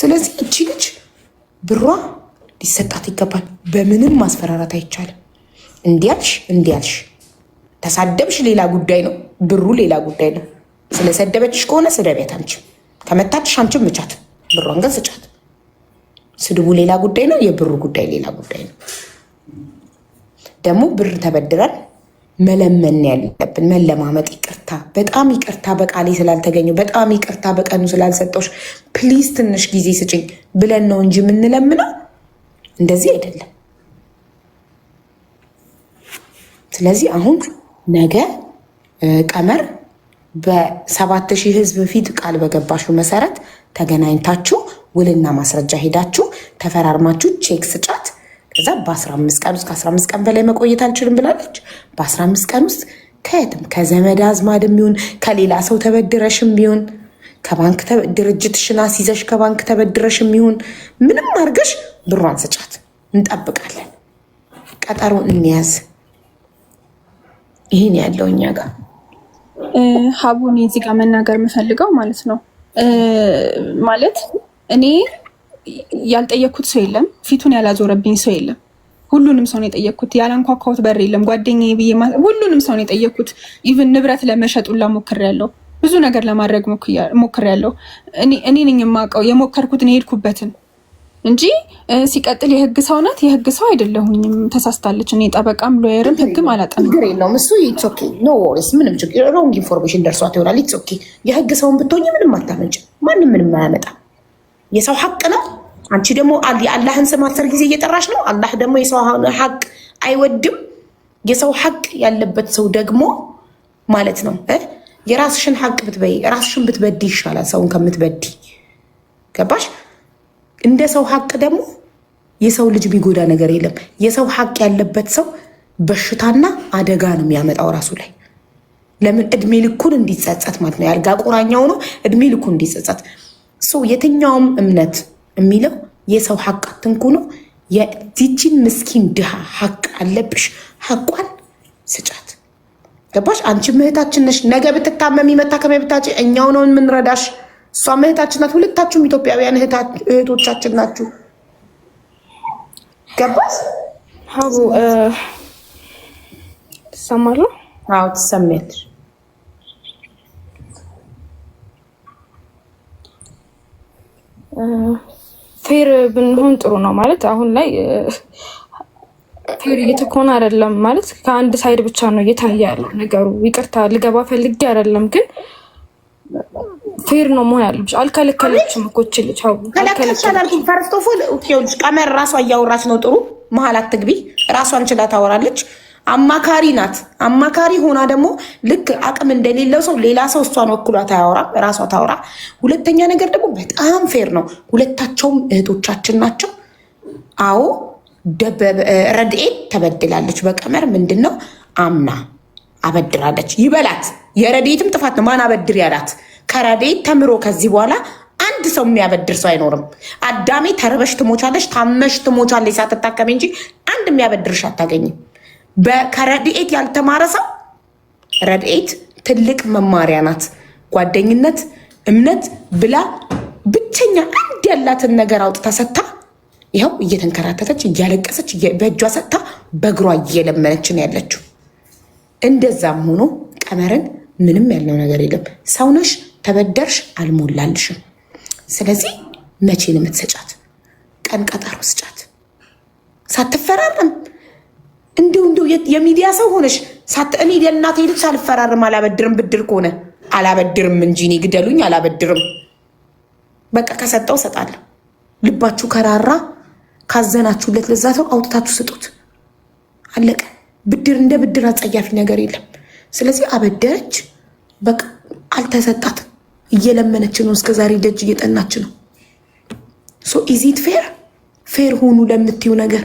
ስለዚህ እቺ ልጅ ብሯ ሊሰጣት ይገባል። በምንም ማስፈራራት አይቻልም። እንዲያልሽ እንዲያልሽ ተሳደብሽ ሌላ ጉዳይ ነው፣ ብሩ ሌላ ጉዳይ ነው። ስለሰደበችሽ ከሆነ ቤት አንቺም፣ ከመታችሽ አንችም ምቻት፣ ብሯን ግን ስጫት። ስድቡ ሌላ ጉዳይ ነው፣ የብሩ ጉዳይ ሌላ ጉዳይ ነው። ደግሞ ብር ተበድራል። መለመን ያለብን መለማመጥ። ይቅርታ በጣም ይቅርታ፣ በቃሌ ስላልተገኘው በጣም ይቅርታ፣ በቀኑ ስላልሰጠሽ ፕሊዝ ትንሽ ጊዜ ስጭኝ ብለን ነው እንጂ የምንለምነው እንደዚህ አይደለም። ስለዚህ አሁን ነገ ቀመር በሰባት ሺህ ህዝብ ፊት ቃል በገባሽው መሰረት ተገናኝታችሁ ውልና ማስረጃ ሄዳችሁ ተፈራርማችሁ ቼክ ስጫት ከዛ በ15 ቀን ውስጥ ከ15 ቀን በላይ መቆየት አልችልም ብላለች። በ15 ቀን ውስጥ ከየትም ከዘመድ አዝማድም ይሁን ከሌላ ሰው ተበድረሽም ቢሆን ከባንክ ድርጅትሽን አስይዘሽ ከባንክ ተበድረሽም ይሁን ምንም አድርገሽ ብሯን ስጫት። እንጠብቃለን። ቀጠሮ እንያዝ። ይህን ያለው እኛ ጋር ሀቡን እዚህ ጋር መናገር የምፈልገው ማለት ነው ማለት እኔ ያልጠየቅኩት ሰው የለም። ፊቱን ያላዞረብኝ ሰው የለም። ሁሉንም ሰውን የጠየቅኩት ያላንኳኳሁት በር የለም። ጓደኛዬ ብዬ ሁሉንም ሰውን የጠየቅኩት ኢቭን ንብረት ለመሸጡላ ሞክሬያለሁ። ብዙ ነገር ለማድረግ ሞክሬያለሁ። እኔ ነኝ የማውቀው የሞከርኩት የሄድኩበትን እንጂ ሲቀጥል የህግ ሰው ናት፣ የህግ ሰው አይደለሁኝም። ተሳስታለች። እኔ ጠበቃም ሎየርም ህግም አላጠናም። ችግር እሱ ኦኬ ምንም ሮንግ ኢንፎርሜሽን ደርሷት ይሆናል። ኢትስ ኦኬ የህግ ሰውን ብትሆኝ ምንም አታመጭ። ማንም ምንም አያመጣም። የሰው ሀቅ ነው። አንቺ ደግሞ የአላህን ስም አስር ጊዜ እየጠራሽ ነው። አላህ ደግሞ የሰው ሀቅ አይወድም። የሰው ሀቅ ያለበት ሰው ደግሞ ማለት ነው የራስሽን ሀቅ ብትበይ ራስሽን ብትበድ ይሻላል ሰውን ከምትበድ ገባሽ? እንደ ሰው ሀቅ ደግሞ የሰው ልጅ የሚጎዳ ነገር የለም። የሰው ሀቅ ያለበት ሰው በሽታና አደጋ ነው የሚያመጣው ራሱ ላይ ለምን እድሜ ልኩን እንዲጸጸት ማለት ነው። ያልጋ ቁራኛው ነው እድሜ ልኩን እንዲጸጸት የትኛውም እምነት የሚለው የሰው ሀቅ አትንኩ ነው። ምስኪን ድሃ ሀቅ አለብሽ፣ ሀቋን ስጫት። ገባሽ? አንቺ ምህታችን ነሽ። ነገ ብትታመሚ መታከሚያ ብታጭ እኛው ነው የምንረዳሽ። እሷም እህታችን ናት። ሁለታችሁም ኢትዮጵያውያን እህቶቻችን ናችሁ። ገባሽ? ሀቡ ትሰማለህ? አዎ ትሰሚያለሽ። ፌር ብንሆን ጥሩ ነው ማለት አሁን ላይ ፌር እየተኮን አይደለም ማለት ከአንድ ሳይድ ብቻ ነው እየታየ ያለው ነገሩ። ይቅርታ ልገባ ፈልጌ አይደለም ግን ፌር ነው መሆን ያለብሽ። አልከለከለችም እኮ እች ልጅ ከለከለቻላልኩም። ፈርስቶፎል ቀመር ራሷ እያወራች ነው። ጥሩ መሀል አትግቢ። ራሷን ችላ ታወራለች። አማካሪ ናት። አማካሪ ሆና ደግሞ ልክ አቅም እንደሌለው ሰው ሌላ ሰው እሷን ወክሏ ታያወራ ራሷ ታወራ። ሁለተኛ ነገር ደግሞ በጣም ፌር ነው። ሁለታቸውም እህቶቻችን ናቸው። አዎ ረድኤት ተበድላለች። በቀመር ምንድን ነው አምና አበድራለች። ይበላት። የረድኤትም ጥፋት ነው። ማን አበድር ያላት? ከረድኤት ተምሮ ከዚህ በኋላ አንድ ሰው የሚያበድር ሰው አይኖርም። አዳሜ ተርበሽ ትሞቻለሽ፣ ታመሽ ትሞቻለሽ ሳትታከሚ እንጂ አንድ የሚያበድርሽ አታገኝም። ከረድኤት ያልተማረ ሰው ረድኤት ትልቅ መማሪያ ናት። ጓደኝነት፣ እምነት ብላ ብቸኛ አንድ ያላትን ነገር አውጥታ ሰጥታ ይኸው እየተንከራተተች እያለቀሰች በእጇ ሰጥታ በእግሯ እየለመነች ነው ያለችው። እንደዛም ሆኖ ቀመርን ምንም ያለው ነገር የለም። ሰውነሽ ተበደርሽ አልሞላልሽም። ስለዚህ መቼን የምትሰጫት ቀን ቀጠሮ ስጫት ሳትፈራረም እንደው እንደው የሚዲያ ሰው ሆነሽ እኔ ለእናቴ ልጅ አልፈራርም አላበድርም። ብድር ከሆነ አላበድርም እንጂ እኔ ግደሉኝ፣ አላበድርም። በቃ ከሰጠው ሰጣለሁ። ልባችሁ ከራራ ካዘናችሁለት ለዛ ሰው አውጥታችሁ ስጡት፣ አለቀ። ብድር እንደ ብድር አጸያፊ ነገር የለም። ስለዚህ አበደረች፣ በቃ አልተሰጣትም። እየለመነች ነው፣ እስከዛሬ ደጅ እየጠናች ነው። ሶ ኢዚት ፌር ፌር ሆኑ ለምትዩ ነገር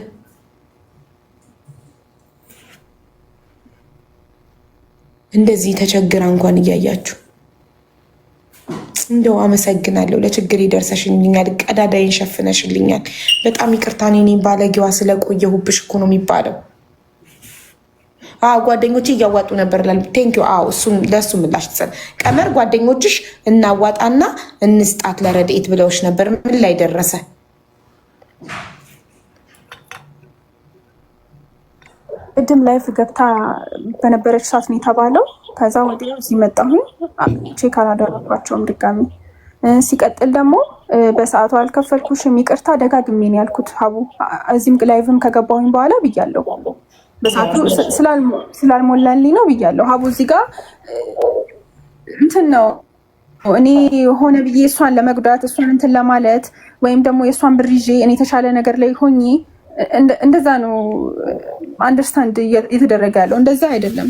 እንደዚህ ተቸግራ እንኳን እያያችሁ እንደው አመሰግናለሁ፣ ለችግር ይደርሰሽልኛል፣ ቀዳዳይን ሸፍነሽልኛል። በጣም ይቅርታ እኔን ባለጌዋ ስለቆየሁብሽ እኮ ነው የሚባለው። ጓደኞች እያዋጡ ነበር ላል ቴንኪ ለእሱ ምላሽ ትሰጥ ቀመር ጓደኞችሽ እናዋጣና እንስጣት ለረድኤት ብለውሽ ነበር። ምን ላይ ደረሰ? ቅድም ላይፍ ገብታ በነበረች ሰዓት ነው የተባለው። ከዛ ወዲ እዚህ መጣሁኝ። ቼክ አላደረግባቸውም ድጋሚ። ሲቀጥል ደግሞ በሰዓቱ አልከፈልኩሽም ይቅርታ ደጋግሜ ነው ያልኩት። ሀቡ እዚህም ላይቭም ከገባሁኝ በኋላ ብያለሁ። በሰዓቱ ስላልሞላልኝ ነው ብያለሁ። ሀቡ እዚህ ጋር እንትን ነው እኔ ሆነ ብዬ እሷን ለመጉዳት እሷን እንትን ለማለት ወይም ደግሞ የእሷን ብር ይዤ እኔ የተሻለ ነገር ላይ ሆኜ እንደዛ ነው አንደርስታንድ እየተደረገ ያለው። እንደዛ አይደለም።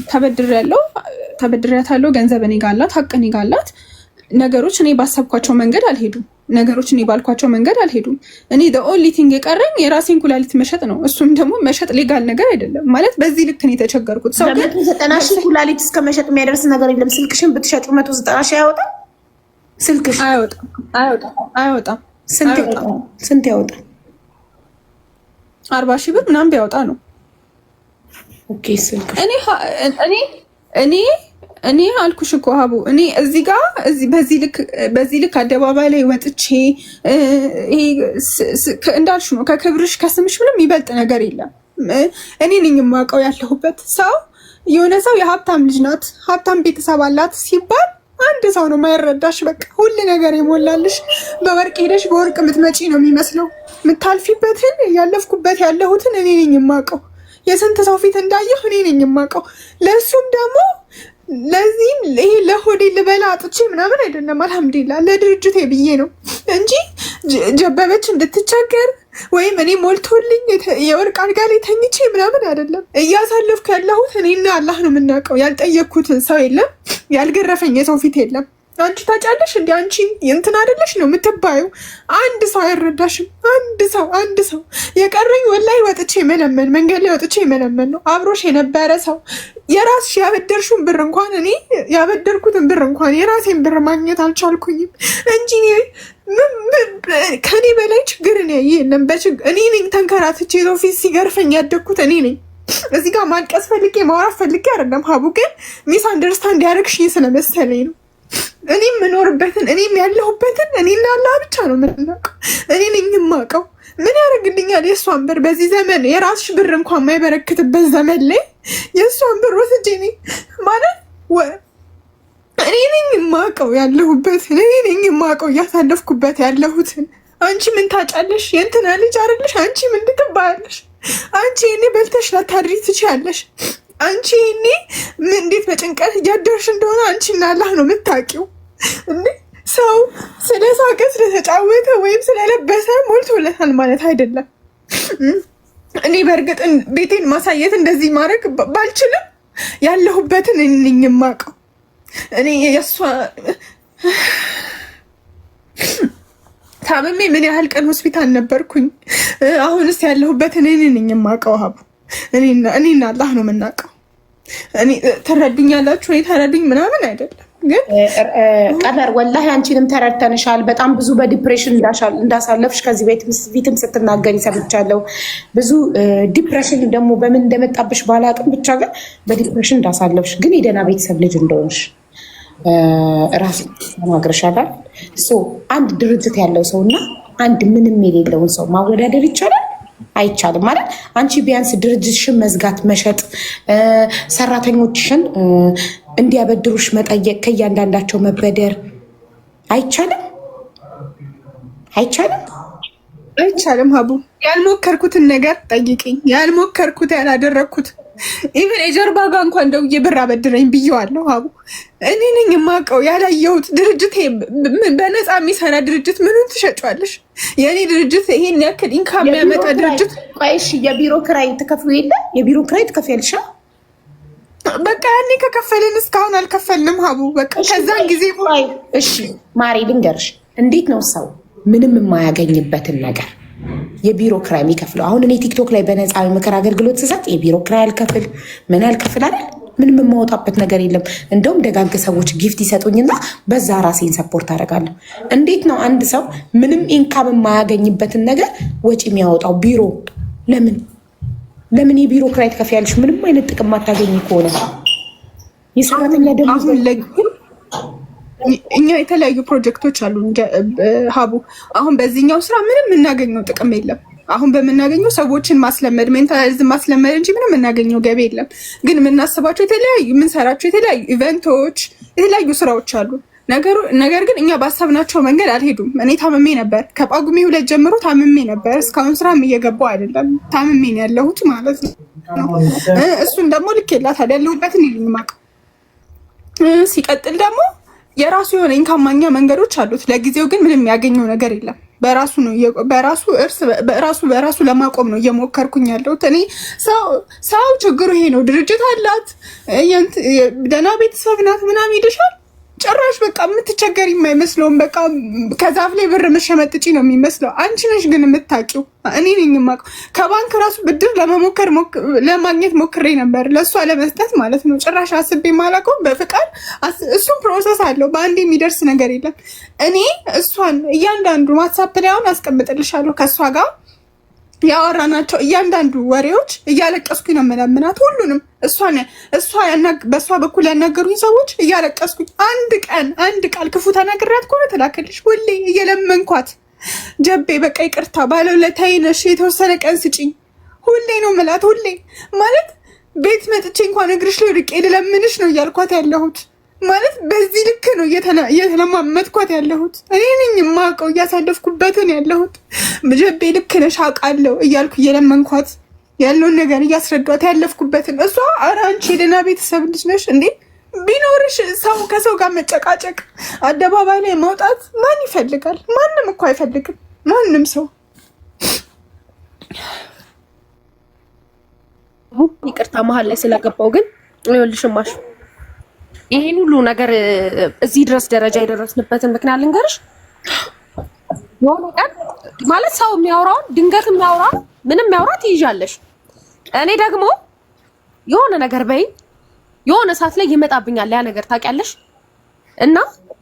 ተበድር ያለው ገንዘብ እኔ ሀቅ እኔ ነገሮች እኔ ባሰብኳቸው መንገድ አልሄዱም። ነገሮች እኔ ባልኳቸው መንገድ አልሄዱም። እኔ ኦንሊ ቲንግ የቀረኝ የራሴን ኩላሊት መሸጥ ነው። እሱም ደግሞ መሸጥ ሌጋል ነገር አይደለም። ማለት በዚህ ልክ ነው የተቸገርኩት። ሰው መቶ ዘጠና ሺህ ኩላሊት እስከ መሸጥ የሚያደርስ ነገር የለም። ስልክሽን ብትሸጡ መቶ ዘጠና ሺህ አያወጣም። ስልክሽ አይወጣም፣ አይወጣም፣ አይወጣም። ስንት ያወጣል? አርባ ሺህ ብር ምናምን ቢያወጣ ነው እኔ እኔ አልኩሽ እኮ ሀቡ እኔ እዚህ ጋ በዚህ ልክ አደባባይ ላይ ወጥቼ እንዳልሽ ነው ከክብርሽ ከስምሽ ምንም ይበልጥ ነገር የለም። እኔ ነኝ የማውቀው ያለሁበት ሰው የሆነ ሰው የሀብታም ልጅ ናት ሀብታም ቤተሰብ አላት ሲባል አንድ ሰው ነው ማይረዳሽ። በቃ ሁሉ ነገር የሞላልሽ በወርቅ ሄደሽ በወርቅ የምትመጪ ነው የሚመስለው። የምታልፊበትን ያለፍኩበት ያለሁትን እኔ ነኝ የማውቀው። የስንት ሰው ፊት እንዳየሁ እኔ ነኝ የማውቀው። ለእሱም ደግሞ ለዚህም ይሄ ለሆዴ ልበላ አጥቼ ምናምን አይደለም። አልሐምዱሊላ ለድርጅቴ ብዬ ነው እንጂ ጀበበች እንድትቸገር ወይም እኔ ሞልቶልኝ የወርቅ አልጋ ላይ ተኝቼ ምናምን አይደለም። እያሳለፍኩ ያለሁት እኔና አላህ ነው የምናውቀው። ያልጠየቅኩት ሰው የለም፣ ያልገረፈኝ የሰው ፊት የለም። አንቺ ታጫለሽ እንዲ አንቺ እንትን አደለሽ ነው የምትባዩ። አንድ ሰው አይረዳሽም። አንድ ሰው አንድ ሰው የቀረኝ ወላይ ወጥቼ መለመን፣ መንገድ ላይ ወጥቼ መለመን ነው። አብሮሽ የነበረ ሰው የራስሽ ያበደርሽውን ብር እንኳን እኔ ያበደርኩትን ብር እንኳን የራሴን ብር ማግኘት አልቻልኩኝም እንጂ ከኔ በላይ ችግር እኔ ይህንም እኔ ነኝ ተንከራትቼ ኦፊስ ሲገርፈኝ ያደግኩት እኔ ነኝ። እዚህ ጋር ማልቀስ ፈልጌ ማውራት ፈልጌ አይደለም። ሀቡ ግን ሚስ አንደርስታንድ ያደረግሽ ስለመሰለኝ ነው። እኔም የምኖርበትን እኔም ያለሁበትን እኔና እና አላህ ብቻ ነው የምናውቀው። እኔ ነኝ የማውቀው። ምን ያደርግልኛል የእሷን ብር በዚህ ዘመን የራስሽ ብር እንኳ የማይበረክትበት ዘመን ላይ የእሷን ብር ወስጄ እኔ ማለት እኔ ነኝ የማውቀው ያለሁበትን እኔ ነኝ የማውቀው እያሳለፍኩበት ያለሁትን አንቺ ምን ታጫለሽ? የእንትና ልጅ አይደለሽ? አንቺ ምን ትባያለሽ? አንቺ ይሄኔ በልተሽ ላታድሪ ትችያለሽ። አንቺ ይሄኔ እንዴት በጭንቀት እያደርሽ እንደሆነ አንቺ እና አላህ ነው የምታውቂው እንዴ ሰው ሳቀ ስለተጫወተ ወይም ስለለበሰ ሞልቶለታል ማለት አይደለም። እኔ በእርግጥ ቤቴን ማሳየት እንደዚህ ማድረግ ባልችልም ያለሁበትን እንኝ የማውቀው እኔ የእሷ ታምሜ ምን ያህል ቀን ሆስፒታል ነበርኩኝ። አሁንስ ያለሁበትን እኔ ነኝ የማውቀው። ሀቡ እኔና አላህ ነው የምናውቀው። እኔ ተረዱኝ ያላችሁ ተረዱኝ ምናምን አይደለም ቀመር ወላሂ አንቺንም ተረድተንሻል። በጣም ብዙ በዲፕሬሽን እንዳሳለፍሽ ከዚህ በፊትም ስትናገር ሰምቻለሁ። ብዙ ዲፕሬሽን ደግሞ በምን እንደመጣብሽ ባላቅም ብቻ ግን በዲፕሬሽን እንዳሳለፍሽ ግን የደህና ቤተሰብ ልጅ እንደሆንሽ ራስ ተናግረሻላል። አንድ ድርጅት ያለው ሰው እና አንድ ምንም የሌለውን ሰው ማወዳደር ይቻላል? አይቻልም ማለት አንቺ ቢያንስ ድርጅትሽን መዝጋት መሸጥ ሰራተኞችሽን እንዲያበድሩሽ መጠየቅ ከእያንዳንዳቸው መበደር አይቻልም፣ አይቻልም፣ አይቻልም። ሀቡ ያልሞከርኩትን ነገር ጠይቅኝ። ያልሞከርኩት ያላደረግኩት ኢቨን የጀርባ ጋ እንኳን ደውዬ ብር አበድረኝ ብየዋለሁ። ሀቡ እኔ ነኝ የማውቀው ያላየሁት ድርጅት በነፃ የሚሰራ ድርጅት ምኑን ትሸጫለሽ? የእኔ ድርጅት ይሄን ያክል ኢንካም የሚያመጣ ድርጅት። ቆይሽ፣ እሺ፣ የቢሮ ክራይ ትከፍሉ የለ? የቢሮ ክራይ ትከፍያለሽ? በቃ ያኔ ከከፈልን እስካሁን አልከፈልንም። ሀቡ በቃ ከዛን ጊዜ እሺ፣ ማሬ ልንገርሽ፣ እንዴት ነው ሰው ምንም የማያገኝበትን ነገር የቢሮ ክራይ የሚከፍለው? አሁን እኔ ቲክቶክ ላይ በነፃ ምክር አገልግሎት ስሰጥ የቢሮ ክራይ አልከፍል ምን አልከፍል አይደል? ምንም የማወጣበት ነገር የለም። እንደውም ደጋግ ሰዎች ጊፍት ይሰጡኝና በዛ ራሴን ሰፖርት አደርጋለሁ። እንዴት ነው አንድ ሰው ምንም ኢንካም የማያገኝበትን ነገር ወጪ የሚያወጣው ቢሮ ለምን? ለምን የቢሮ ክራይ ትከፍያለሽ? ምንም አይነት ጥቅም ማታገኝ ከሆነ የሰራተኛ ደሞዝ እኛ የተለያዩ ፕሮጀክቶች አሉ ሀቡ። አሁን በዚህኛው ስራ ምንም የምናገኘው ጥቅም የለም። አሁን በምናገኘው ሰዎችን ማስለመድ ሜንታላይዝ ማስለመድ እንጂ ምንም የምናገኘው ገቢ የለም። ግን የምናስባቸው የተለያዩ የምንሰራቸው የተለያዩ ኢቨንቶች፣ የተለያዩ ስራዎች አሉ። ነገር ግን እኛ ባሰብናቸው መንገድ አልሄዱም። እኔ ታምሜ ነበር፣ ከጳጉሜ ሁለት ጀምሮ ታምሜ ነበር። እስካሁን ስራም እየገባው አይደለም። ታምሜ ነው ያለሁት ማለት ነው። እሱን ደግሞ ልክ የላታል ያለሁበትን ይልማቅ። ሲቀጥል ደግሞ የራሱ የሆነ ኢንካም ማግኛ መንገዶች አሉት። ለጊዜው ግን ምንም ያገኘው ነገር የለም። በራሱ ነው በራሱ እርስ በራሱ በራሱ ለማቆም ነው እየሞከርኩኝ ያለሁት። እኔ ሰው ችግሩ ይሄ ነው። ድርጅት አላት፣ ደህና ቤተሰብ ናት፣ ምናምን ይልሻል ጭራሽ በቃ የምትቸገር የማይመስለውም በቃ ከዛፍ ላይ ብር መሸመጥጪ ነው የሚመስለው። አንቺ ነሽ ግን የምታውቂው፣ እኔ ነኝ የማውቀው። ከባንክ ራሱ ብድር ለመሞከር ለማግኘት ሞክሬ ነበር፣ ለእሷ ለመስጠት ማለት ነው። ጭራሽ አስቤ የማላውቀው በፍቃድ እሱም ፕሮሰስ አለው። በአንድ የሚደርስ ነገር የለም። እኔ እሷን እያንዳንዱ ዋትሳፕ ላይ አሁን አስቀምጥልሻለሁ ከእሷ ጋር ናቸው እያንዳንዱ ወሬዎች እያለቀስኩኝ ነው መለምናት ሁሉንም እሷን እሷ በእሷ በኩል ያናገሩኝ ሰዎች እያለቀስኩኝ አንድ ቀን አንድ ቃል ክፉ ተናግሬያት ከሆነ ተላከልሽ ሁሌ እየለመንኳት ጀቤ በቃ ይቅርታ ባለውለታዬ ነሽ የተወሰነ ቀን ስጭኝ ሁሌ ነው ምላት ሁሌ ማለት ቤት መጥቼ እንኳን እግርሽ ላይ ወድቄ ልለምንሽ ነው እያልኳት ያለሁት ማለት በዚህ ልክ ነው እየተለማመጥኳት ያለሁት። እኔ ነኝ የማውቀው እያሳለፍኩበትን ያለሁት። ጀቤ ልክ ነሽ አውቃለሁ እያልኩ እየለመንኳት ያለውን ነገር እያስረዷት ያለፍኩበትን። እሷ ኧረ አንቺ የደህና ቤተሰብ ልጅ ነሽ እንዴ ቢኖርሽ ሰው ከሰው ጋር መጨቃጨቅ፣ አደባባይ ላይ መውጣት ማን ይፈልጋል? ማንም እኮ አይፈልግም። ማንም ሰው ይቅርታ መሀል ላይ ስለገባው ግን ልሽማሽ ይሄን ሁሉ ነገር እዚህ ድረስ ደረጃ የደረስንበትን ምክንያት ልንገርሽ። የሆነ ቀን ማለት ሰው የሚያወራውን ድንገት የሚያወራ ምንም የሚያወራ ትይዣለሽ። እኔ ደግሞ የሆነ ነገር በይ የሆነ ሰዓት ላይ ይመጣብኛል ያ ነገር ታውቂያለሽ። እና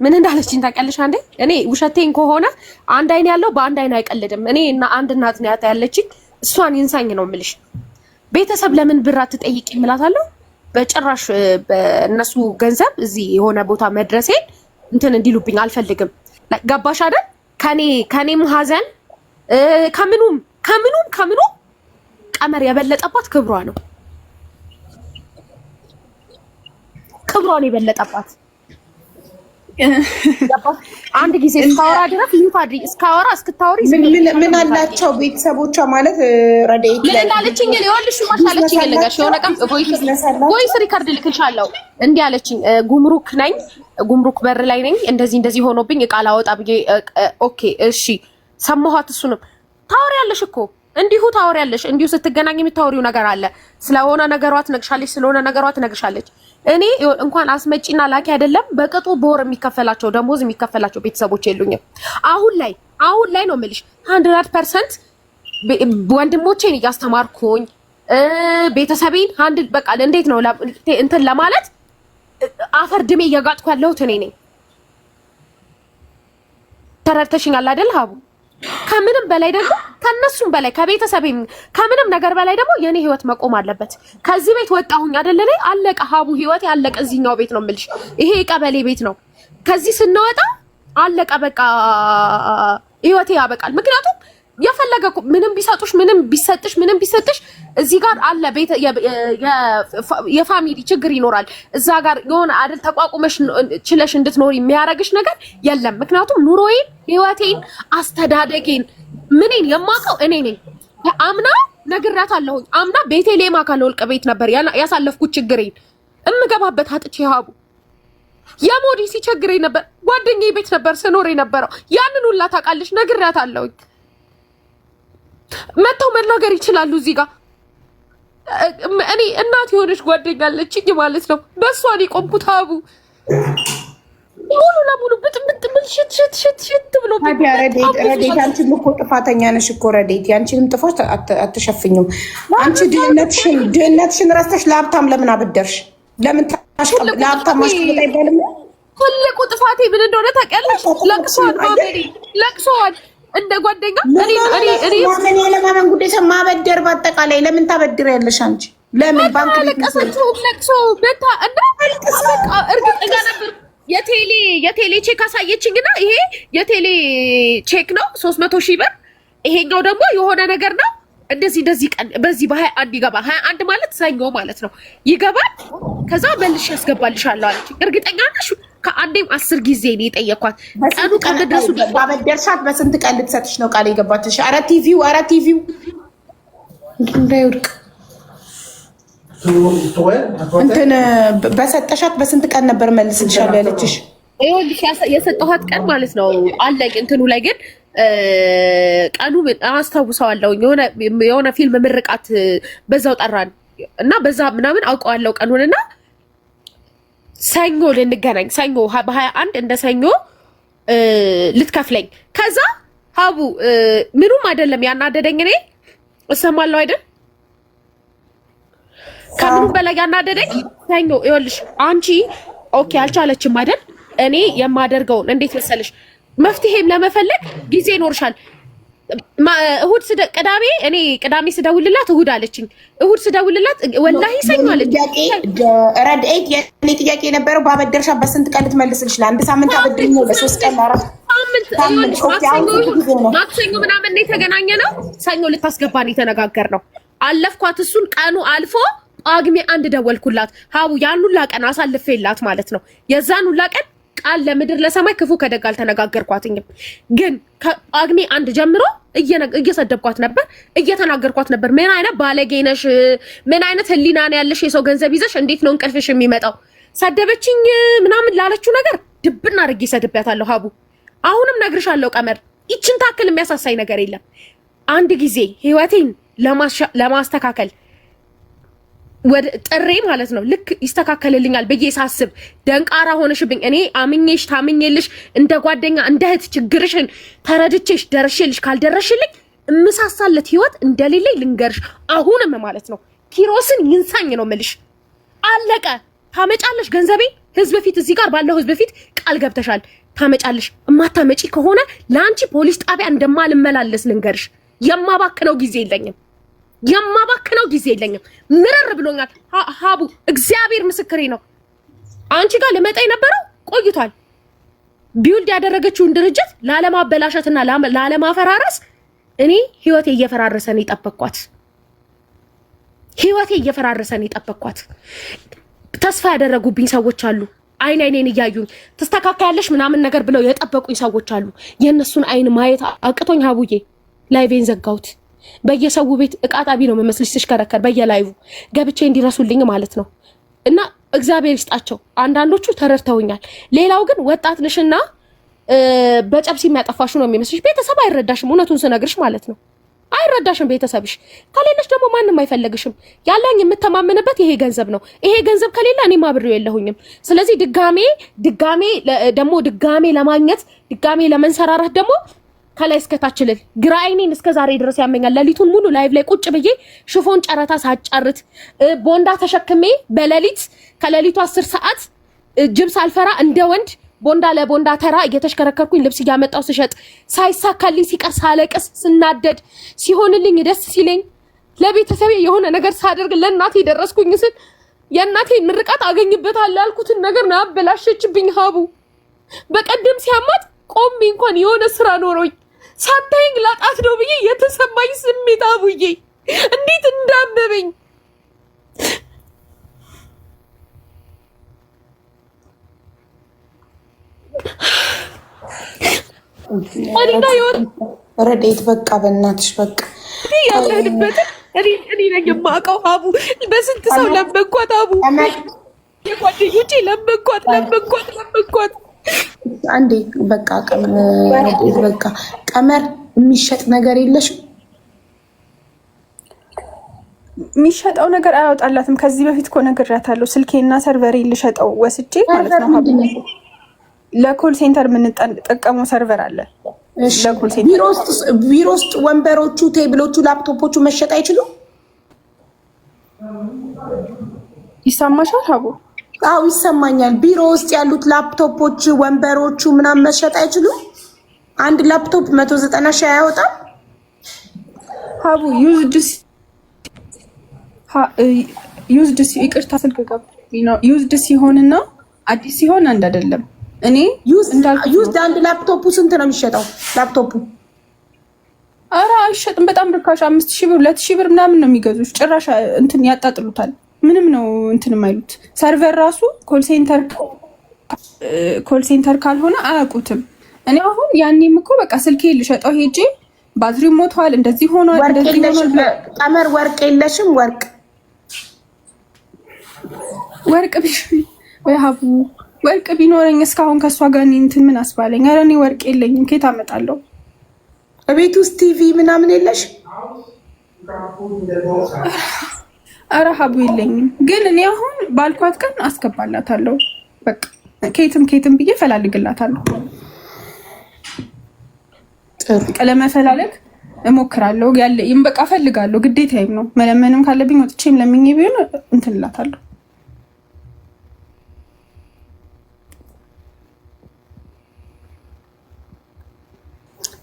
ምን እንዳለችኝ ታውቂያለሽ? አንዴ እኔ ውሸቴን ከሆነ አንድ አይን ያለው በአንድ አይን አይቀልድም። እኔ እና አንድ እናት ነው ያለችኝ፣ እሷን ይንሳኝ ነው የምልሽ። ቤተሰብ ለምን ብር አትጠይቂ እምላታለሁ በጭራሽ በእነሱ ገንዘብ እዚህ የሆነ ቦታ መድረሴን እንትን እንዲሉብኝ አልፈልግም። ገባሽ አይደል? ከኔ ከኔም ሀዘን ከምኑም ከምኑም ከምኑም ቀመር የበለጠባት ክብሯ ነው። ክብሯን የበለጠባት አንድ ጊዜ እስካወራ ድረስ ይፋድሪ እስካወራ እስክታወሪ ምን አላቸው ቤተሰቦቿ ማለት ረዳይ ምን እንዳለችኝ ይኸውልሽ ማሻለች ይገለጋሽ የሆነ ቀን ቮይስ ሪከርድ ልክልሻለሁ። እንዲህ አለችኝ፣ ጉምሩክ ነኝ ጉምሩክ በር ላይ ነኝ፣ እንደዚህ እንደዚህ ሆኖብኝ እቃ ላወጣ ብዬ ኦኬ እሺ ሰማኋት። እሱንም ታወሪያለሽ እኮ እንዲሁ ታወሪያለሽ፣ እንዲሁ ስትገናኝ የምታወሪው ነገር አለ። ስለሆነ ነገሯ ትነግሻለች፣ ስለሆነ ነገሯ ትነግሻለች። እኔ እንኳን አስመጪና ላኪ አይደለም በቅጡ በወር የሚከፈላቸው ደሞዝ የሚከፈላቸው ቤተሰቦች የሉኝም። አሁን ላይ አሁን ላይ ነው የምልሽ ሀንድረድ ፐርሰንት ወንድሞቼን እያስተማርኩኝ ቤተሰቤን ሀንድል በቃ እንዴት ነው እንትን ለማለት አፈር ድሜ እያጋጥኩ ያለሁት እኔ ነኝ። ተረድተሽኛል አይደል ሀቡ? ከምንም በላይ ደግሞ ከነሱም በላይ ከቤተሰቤም ከምንም ነገር በላይ ደግሞ የኔ ህይወት መቆም አለበት። ከዚህ ቤት ወጣሁኝ አይደለ? ላይ አለቀ ሀቡ ህይወት ያለቀ እዚህኛው ቤት ነው የምልሽ። ይሄ የቀበሌ ቤት ነው። ከዚህ ስንወጣ አለቀ በቃ ህይወቴ ያበቃል። ምክንያቱም የፈለገ ምንም ቢሰጡሽ ምንም ቢሰጥሽ ምንም ቢሰጥሽ እዚህ ጋር አለ ቤተ የፋሚሊ ችግር ይኖራል። እዛ ጋር የሆነ አይደል ተቋቁመሽ ችለሽ እንድትኖር የሚያደርግሽ ነገር የለም። ምክንያቱም ኑሮዬን፣ ህይወቴን፣ አስተዳደጌን ምኔን የማውቀው እኔ ነኝ። አምና ነግሬያታለሁኝ። አምና ቤተልሔም አካል ወልቀ ቤት ነበር ያሳለፍኩት ችግሬን እምገባበት አጥቼ ሀቡ የሞዲ ሲቸግረኝ ነበር ጓደኛዬ ቤት ነበር ስኖር የነበረው ያንን ሁላ ነግራት ነግሬያታለሁኝ መጥተው መናገር ይችላሉ። እዚህ ጋር እኔ እናት የሆነች ጓደኛ አለችኝ ማለት ነው። በእሷ ነው የቆምኩት። አቡ ሙሉ ለሙሉ ብጥብጥ ብል ሽት ሽት ሽት ሽት ብሎ ረዴት፣ አንቺም እኮ ጥፋተኛ ነሽ እኮ ረዴት። ያንቺንም ጥፎች አትሸፍኝም። አንቺ ድህነትሽን ረስተሽ ለሀብታም ለምን አብደርሽ? ለምን ለሀብታም ማሽቅበጣ ይባልም ትልቁ ጥፋቴ ምን እንደሆነ ታውቂያለሽ? ለቅሶ ለቅሶዋል እንደ ጓደኛ ማመን ያለማመን ጉዳይ ሰው ማበደር በአጠቃላይ ለምን ታበድር ታበድሪያለሽ አንቺ? ለምን ባንክ ለቀሰችው ለቅሶ በታ እንደ እርግጠኛ ነበር። የቴሌ የቴሌ ቼክ አሳየችኝ አሳየችኝና ይሄ የቴሌ ቼክ ነው ሶስት መቶ ሺህ ብር፣ ይሄኛው ደግሞ የሆነ ነገር ነው። እንደዚህ እንደዚህ ቀን በዚህ በሀያ አንድ ይገባል። ሀያ አንድ ማለት ሰኞ ማለት ነው። ይገባል። ከዛ መልሽ ያስገባልሻለሁ አለችኝ። እርግጠኛ ነሽ? ከአንዴም አስር ጊዜ ነው የጠየኳት። ቀኑ ቀን ልድረሱ በስንት ቀን ልትሰጥሽ ነው ቃል የገባትሽ? አረ ቲቪው አረ ቲቪው እንዳይወድቅ እንትን በሰጠሻት በስንት ቀን ነበር መልስልሻለሁ ያለችሽ? የሰጠኋት ቀን ማለት ነው አለቅ እንትኑ ላይ ግን ቀኑ አስታውሰዋለሁ። የሆነ ፊልም ምርቃት በዛው ጠራን እና በዛ ምናምን አውቀዋለሁ ቀኑንና ሰኞ ልንገናኝ፣ ሰኞ በሀያ አንድ እንደ ሰኞ ልትከፍለኝ። ከዛ ሀቡ ምኑም አይደለም ያናደደኝ እኔ እሰማለሁ አይደል? ከምኑም በላይ ያናደደኝ ሰኞ ይኸውልሽ፣ አንቺ ኦኬ አልቻለችም አይደል? እኔ የማደርገውን እንዴት መሰለሽ፣ መፍትሄም ለመፈለግ ጊዜ ይኖርሻል። እሁድ ስደ ቅዳሜ እኔ ቅዳሜ ስደውልላት እሁድ አለችኝ። እሁድ ስደውልላት ወላሂ ሰኞ አለችኝ። ረድኤት የኔ ጥያቄ የነበረው በአበደርሻ በስንት ቀን ልትመልስ ይችላል? አንድ ሳምንት አበድር ነው ለሶስት ቀን አራት ማክሰኞ ምናምን የተገናኘ ነው። ሰኞ ልታስገባን የተነጋገር ነው። አለፍኳት እሱን ቀኑ አልፎ ጳጉሜ አንድ ደወልኩላት። ሀቡ ያን ሁላ ቀን አሳልፌላት ማለት ነው የዛን ሁላ ቀን ቃል ለምድር ለሰማይ ክፉ ከደግ አልተነጋገርኳትኝም። ግን ከጳጉሜ አንድ ጀምሮ እየሰደብኳት ነበር፣ እየተናገርኳት ነበር። ምን አይነት ባለጌነሽ፣ ምን አይነት ህሊና ነው ያለሽ? የሰው ገንዘብ ይዘሽ እንዴት ነው እንቅልፍሽ የሚመጣው? ሰደበችኝ ምናምን ላለችው ነገር ድብና አድርጌ ሰድቤያታለሁ። ሀቡ አሁንም ነግርሻለሁ፣ ቀመር ይችን ታክል የሚያሳሳይ ነገር የለም። አንድ ጊዜ ህይወቴን ለማስተካከል ወደ ጥሬ ማለት ነው ልክ ይስተካከልልኛል ብዬ ሳስብ ደንቃራ ሆነሽብኝ። እኔ አምኜሽ ታምኜልሽ እንደ ጓደኛ እንደ እህት ችግርሽን ተረድቼሽ ደርሼልሽ ካልደረሽልኝ እምሳሳለት ህይወት እንደሌለኝ ልንገርሽ። አሁንም ማለት ነው ኪሮስን ይንሳኝ ነው ምልሽ። አለቀ። ታመጫለሽ ገንዘቤ ህዝብ ፊት እዚህ ጋር ባለው ህዝብ ፊት ቃል ገብተሻል። ታመጫለሽ። እማታመጪ ከሆነ ለአንቺ ፖሊስ ጣቢያ እንደማልመላለስ ልንገርሽ። የማባክነው ጊዜ የለኝም። የማባክነው ጊዜ የለኝም። ምርር ብሎኛል። ሀቡ እግዚአብሔር ምስክሬ ነው። አንቺ ጋር ልመጣ የነበረው ቆይቷል። ቢውልድ ያደረገችውን ድርጅት ላለማበላሸትና ላለማፈራረስ እኔ ህይወቴ እየፈራረሰን ነው የጠበቅኳት። ህይወቴ እየፈራረሰ የጠበቅኳት። ተስፋ ያደረጉብኝ ሰዎች አሉ። አይን አይኔን እያዩኝ ትስተካከያለሽ ምናምን ነገር ብለው የጠበቁኝ ሰዎች አሉ። የእነሱን አይን ማየት አቅቶኝ ሀቡዬ ላይቬን ዘጋሁት። በየሰው ቤት እቃ ጣቢ ነው መመስልሽ ስሽከረከር በየላይቭ ገብቼ እንዲረሱልኝ ማለት ነው። እና እግዚአብሔር ይስጣቸው አንዳንዶቹ ተረድተውኛል። ሌላው ግን ወጣት ነሽና በጨብስ የሚያጠፋሽ ነው የሚመስልሽ። ቤተሰብ አይረዳሽም፣ እውነቱን ስነግርሽ ማለት ነው። አይረዳሽም ቤተሰብሽ። ከሌለሽ ደግሞ ማንም አይፈለግሽም ያለኝ የምተማመንበት ይሄ ገንዘብ ነው። ይሄ ገንዘብ ከሌለ እኔም አብሬው የለሁኝም። ስለዚህ ድጋሜ ድጋሜ ደግሞ ድጋሜ ለማግኘት ድጋሜ ለመንሰራራት ደግሞ ከላይ እስከታች ልል ግራ አይኔን እስከ ዛሬ ድረስ ያመኛል። ሌሊቱን ሙሉ ላይቭ ላይ ቁጭ ብዬ ሽፎን ጨረታ ሳጫርት ቦንዳ ተሸክሜ በሌሊት ከሌሊቱ አስር ሰዓት ጅብ ሳልፈራ እንደ ወንድ ቦንዳ ለቦንዳ ተራ እየተሽከረከርኩኝ ልብስ እያመጣው ስሸጥ ሳይሳካልኝ ሲቀር ሳለቅስ፣ ስናደድ፣ ሲሆንልኝ ደስ ሲለኝ፣ ለቤተሰቤ የሆነ ነገር ሳደርግ ለእናቴ ደረስኩኝ ስል የእናቴ ምርቃት አገኝበታል ያልኩትን ነገር ነው ያበላሸችብኝ። ሀቡ በቀደም ሲያማት ቆሜ እንኳን የሆነ ስራ ኖሮኝ ሳታይኝ ላጣት ነው ብዬ የተሰማኝ ስሜት አቡዬ እንዴት እንዳበበኝ ረዴት በቃ በእናትሽ በቃ ያለንበትን እኔ ነኝ የማውቀው። አቡ በስንት ሰው ለመንኳት፣ አቡ የጓደኞቼ ለመንኳት፣ ለመንኳት፣ ለመንኳት አንዴ በቃ በቃ ቀመር የሚሸጥ ነገር የለሽም። የሚሸጠው ነገር አያወጣላትም። ከዚህ በፊት እኮ ነግሬያታለሁ። ስልኬና ሰርቨሬ ልሸጠው ወስጄ ማለት ነው። ለኮል ሴንተር የምንጠቀመው ሰርቨር አለ። ቢሮ ውስጥ ወንበሮቹ፣ ቴብሎቹ፣ ላፕቶፖቹ መሸጥ አይችሉም። ይሰማሻል ሀቡ? አዎ ይሰማኛል። ቢሮ ውስጥ ያሉት ላፕቶፖች፣ ወንበሮቹ ምናምን መሸጥ አይችሉም። አንድ ላፕቶፕ መቶ ዘጠና ሺህ አያወጣም። ሀቡ ዩዝድ ይቅርታ፣ ስልክ ገብቶብኝ ዩዝድ ሲሆንና አዲስ ሲሆን አንድ አይደለም። እኔ ዩዝድ አንድ ላፕቶፑ ስንት ነው የሚሸጠው? ላፕቶፑ ኧረ አይሸጥም። በጣም ርካሽ አምስት ሺህ ብር ሁለት ሺህ ብር ምናምን ነው የሚገዙት። ጭራሽ እንትን ያጣጥሉታል። ምንም ነው እንትን የማይሉት ሰርቨር ራሱ ኮል ሴንተር ካልሆነ አያውቁትም። እኔ አሁን ያኔም እኮ በቃ ስልኬ ልሸጠው ሄጄ ባትሪ ሞቷል፣ እንደዚህ ሆኗል፣ ቀመር ወርቅ የለሽም? ወርቅ ወርቅ ወይ ሀቡ ወርቅ ቢኖረኝ እስካሁን ከእሷ ጋር እንትን ምን አስባለኝ? ኧረ እኔ ወርቅ የለኝም፣ ከየት አመጣለሁ? እቤት ውስጥ ቲቪ ምናምን የለሽ ኧረ ሀቡ የለኝም፣ ግን እኔ አሁን ባልኳት ቀን አስገባላታለሁ። በቃ ኬትም ኬትም ብዬ ፈላልግላታለሁ። ለመፈላለግ እሞክራለሁ። ያለይም በቃ እፈልጋለሁ። ግዴታዬም ነው። መለመንም ካለብኝ ወጥቼም ለምኝ ቢሆን እንትን እላታለሁ።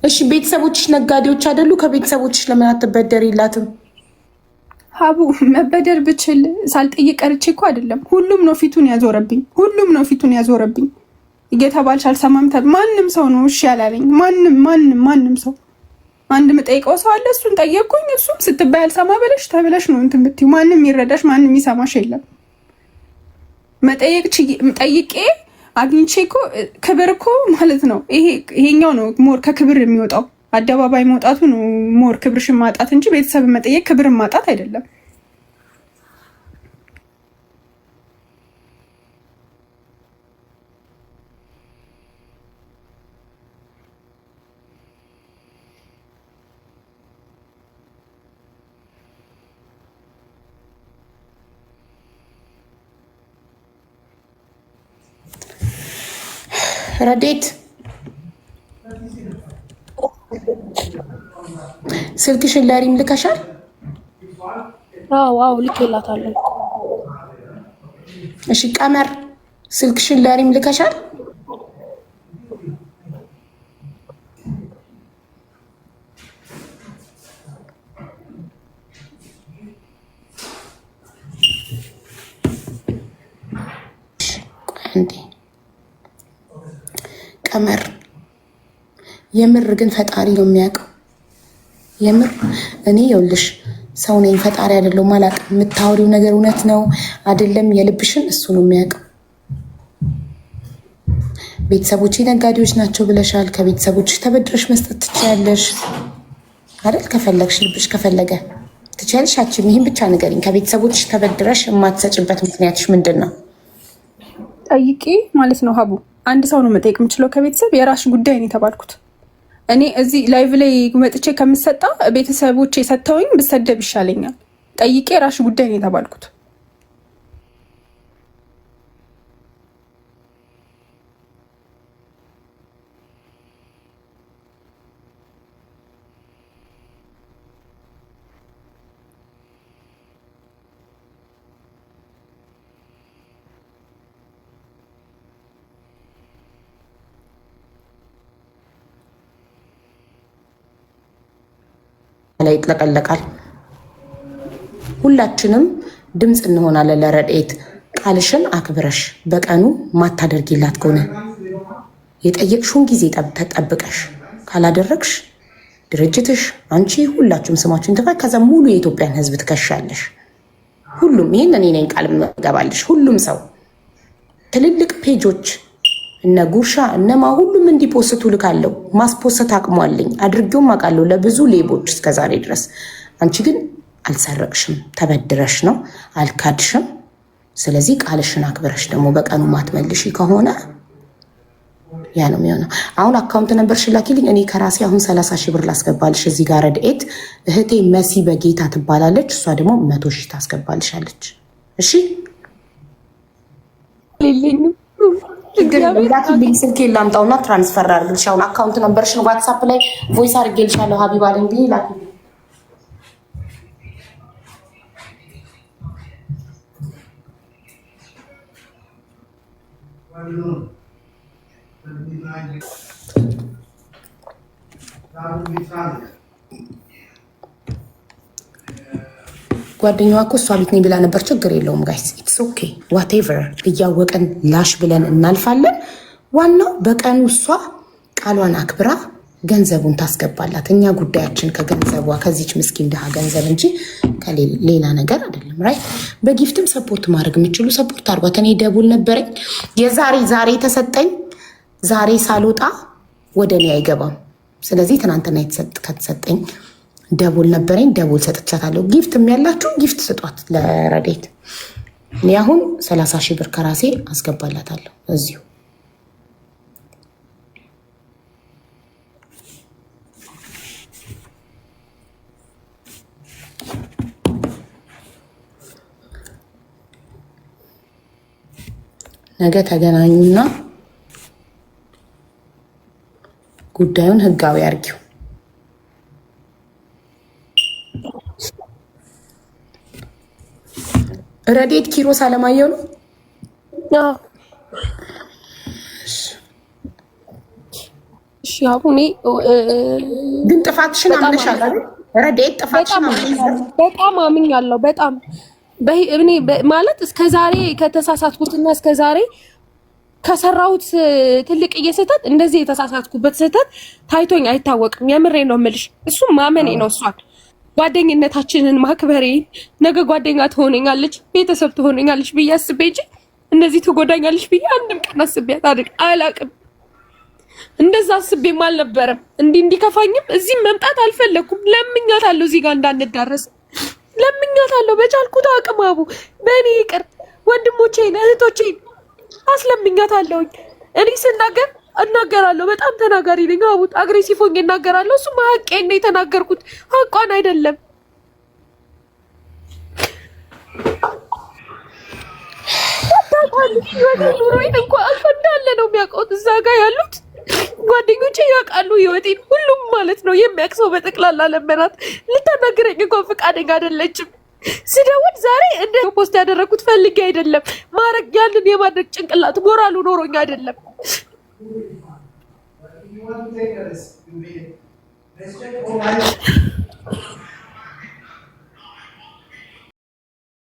እሺ ቤተሰቦችሽ ነጋዴዎች አይደሉ? ከቤተሰቦችሽ ለምን አትበደሪላትም? ሀቡ መበደር ብችል ሳልጠይቅ ቀርቼ እኮ አይደለም። ሁሉም ነው ፊቱን ያዞረብኝ፣ ሁሉም ነው ፊቱን ያዞረብኝ እየተባልሽ አልሰማም። ማንም ሰው ነው እሺ ያላለኝ። ማንም ማንም ማንም ሰው አንድ ምጠይቀው ሰው አለ። እሱን ጠየቅኩኝ። እሱም ስትባይ አልሰማ በለሽ ተብለሽ ነው እንትን ብትይው ማንም ይረዳሽ፣ ማንም ይሰማሽ የለም። መጠየቅ ጠይቄ አግኝቼ እኮ ክብር እኮ ማለት ነው ይሄ ይሄኛው ነው ሞር ከክብር የሚወጣው አደባባይ መውጣቱን ሞር ክብርሽን ማጣት እንጂ ቤተሰብ መጠየቅ ክብርን ማጣት አይደለም። ረዴት ስልክሽን ለሪም ልከሻል? አዎ አዎ ልኬላታለሁ። እሺ ቀመር ስልክሽን ለሪም ልከሻል? ቀመር የምር ግን ፈጣሪ ነው የሚያውቀው። የምር እኔ የውልሽ ሰው ነኝ፣ ፈጣሪ አይደለሁም። አላውቅም። የምታወሪው ነገር እውነት ነው አይደለም፣ የልብሽን እሱ ነው የሚያውቀው። ቤተሰቦች ነጋዴዎች ናቸው ብለሻል። ከቤተሰቦች ተበድረሽ መስጠት ትችያለሽ አይደል? ከፈለግሽ ልብሽ ከፈለገ ትችያለሽ። አችም ይህን ብቻ ንገሪኝ። ከቤተሰቦች ተበድረሽ የማትሰጭበት ምክንያትሽ ምንድን ነው? ጠይቄ ማለት ነው ሀቡ። አንድ ሰው ነው መጠየቅ የምችለው ከቤተሰብ። የራስሽ ጉዳይ ነው የተባልኩት እኔ እዚህ ላይቭ ላይ መጥቼ ከምሰጣ ቤተሰቦቼ ሰጥተውኝ ብሰደብ ይሻለኛል። ጠይቄ ራሽ ጉዳይ ነው የተባልኩት። ላይ ይጥለቀለቃል። ሁላችንም ድምፅ እንሆናለን ለረድኤት። ቃልሽን አክብረሽ በቀኑ ማታደርጊላት ከሆነ የጠየቅሽውን ጊዜ ተጠብቀሽ ካላደረግሽ ድርጅትሽ፣ አንቺ፣ ሁላችሁም ስማችሁን ትፋ። ከዛ ሙሉ የኢትዮጵያን ሕዝብ ትከሻለሽ። ሁሉም ይህንን እኔ ቃል ገባለሽ። ሁሉም ሰው ትልልቅ ፔጆች እነ ጉርሻ እነማ ሁሉም እንዲፖስቱ ልካለው። ማስፖሰት አቅሟለኝ አድርጌውም አውቃለሁ ለብዙ ሌቦች እስከዛሬ ድረስ። አንቺ ግን አልሰረቅሽም፣ ተበድረሽ ነው አልካድሽም። ስለዚህ ቃልሽን አክብረሽ ደግሞ በቀኑ ማትመልሽ ከሆነ ያ ነው የሚሆነው። አሁን አካውንት ነበር ሽላኪልኝ እኔ ከራሴ አሁን ሰላሳ ሺህ ብር ላስገባልሽ። እዚህ ጋር ረድኤት እህቴ መሲ በጌታ ትባላለች። እሷ ደግሞ መቶ ሺህ ታስገባልሻለች። እሺ ላኪልኝ ስልኬን ላምጣውና ትራንስፈር አድርግልሽ። አሁን አካውንት ነበርሽን ዋትሳፕ ላይ ቮይስ አድርጌልሻለሁ። ሀቢባ አለኝ ብዬ ላኪልኝ። ጓደኛዋ እኮ እሷ ቤት ነኝ ብላ ነበር። ችግር የለውም ጋይስ፣ ኢትስ ኦኬ ዋቴቨር። እያወቀን ላሽ ብለን እናልፋለን። ዋናው በቀኑ እሷ ቃሏን አክብራ ገንዘቡን ታስገባላት። እኛ ጉዳያችን ከገንዘቧ ከዚች ምስኪን ድሃ ገንዘብ እንጂ ከሌላ ነገር አይደለም። ራይ በጊፍትም ሰፖርት ማድረግ የምችሉ ሰፖርት አድርጓት። እኔ ደቡል ነበረኝ የዛሬ ዛሬ ተሰጠኝ። ዛሬ ሳልወጣ ወደ እኔ አይገባም። ስለዚህ ትናንትና ከተሰጠኝ ደቦል ነበረኝ፣ ደቦል ሰጥቻታለሁ። ጊፍት የሚያላችሁ ጊፍት ስጧት ለረዴት። እኔ አሁን ሰላሳ ሺህ ብር ከራሴ አስገባላታለሁ እዚሁ ነገ ተገናኙና ጉዳዩን ህጋዊ አድርጊው። ረዴት ኪሮስ አለማየሁ ነው። እሺ አቡ ግን ጥፋትሽን አምነሻል አይደል? ረዴት ጥፋትሽን በጣም አምኛለሁ። በጣም እኔ ማለት እስከ ዛሬ ከተሳሳትኩትና እስከ ዛሬ ከሰራሁት ትልቅዬ ስህተት እንደዚህ የተሳሳትኩበት ስህተት ታይቶኝ አይታወቅም። የምሬ ነው የምልሽ። እሱም ማመኔ ነው እሷን ጓደኝነታችንን ማክበሬ ነገ ጓደኛ ትሆነኛለች፣ ቤተሰብ ትሆነኛለች ብዬ አስቤ እንጂ እንደዚህ ትጎዳኛለች ብዬ አንድም ቀን አስቤያት አላቅም። እንደዛ አስቤም አልነበረም። እንዲህ እንዲከፋኝም እዚህም መምጣት አልፈለግኩም። ለምኛታለሁ፣ እዚህ ጋር እንዳንዳረስ ለምኛታለሁ። በቻልኩት አቅም አቡ በእኔ ይቅር ወንድሞቼን እህቶቼን አስለምኛታለሁኝ እኔ ስናገር እናገራለሁ። በጣም ተናጋሪ ነኝ። አቡት አግሬሲቭ ሆኜ እናገራለሁ። እሱማ ሀቄን ነው የተናገርኩት፣ ሀቋን አይደለም። ኑሮዬን እንዳለ ነው እዛ ያሉት ያውቃሉ ህይወቴን፣ ሁሉም ማለት ነው የሚያውቅ ሰው በጠቅላላ ለመናት። ልታናግረኝ እንኳን ፈቃደኛ አይደለችም። ስደውል ዛሬ እንደ ፖስት ያደረግኩት ፈልጌ አይደለም፣ ማድረግ ያንን የማድረግ ጭንቅላት ሞራሉ ኖሮኝ አይደለም። If you want to take a risk, you read it. Rested for life.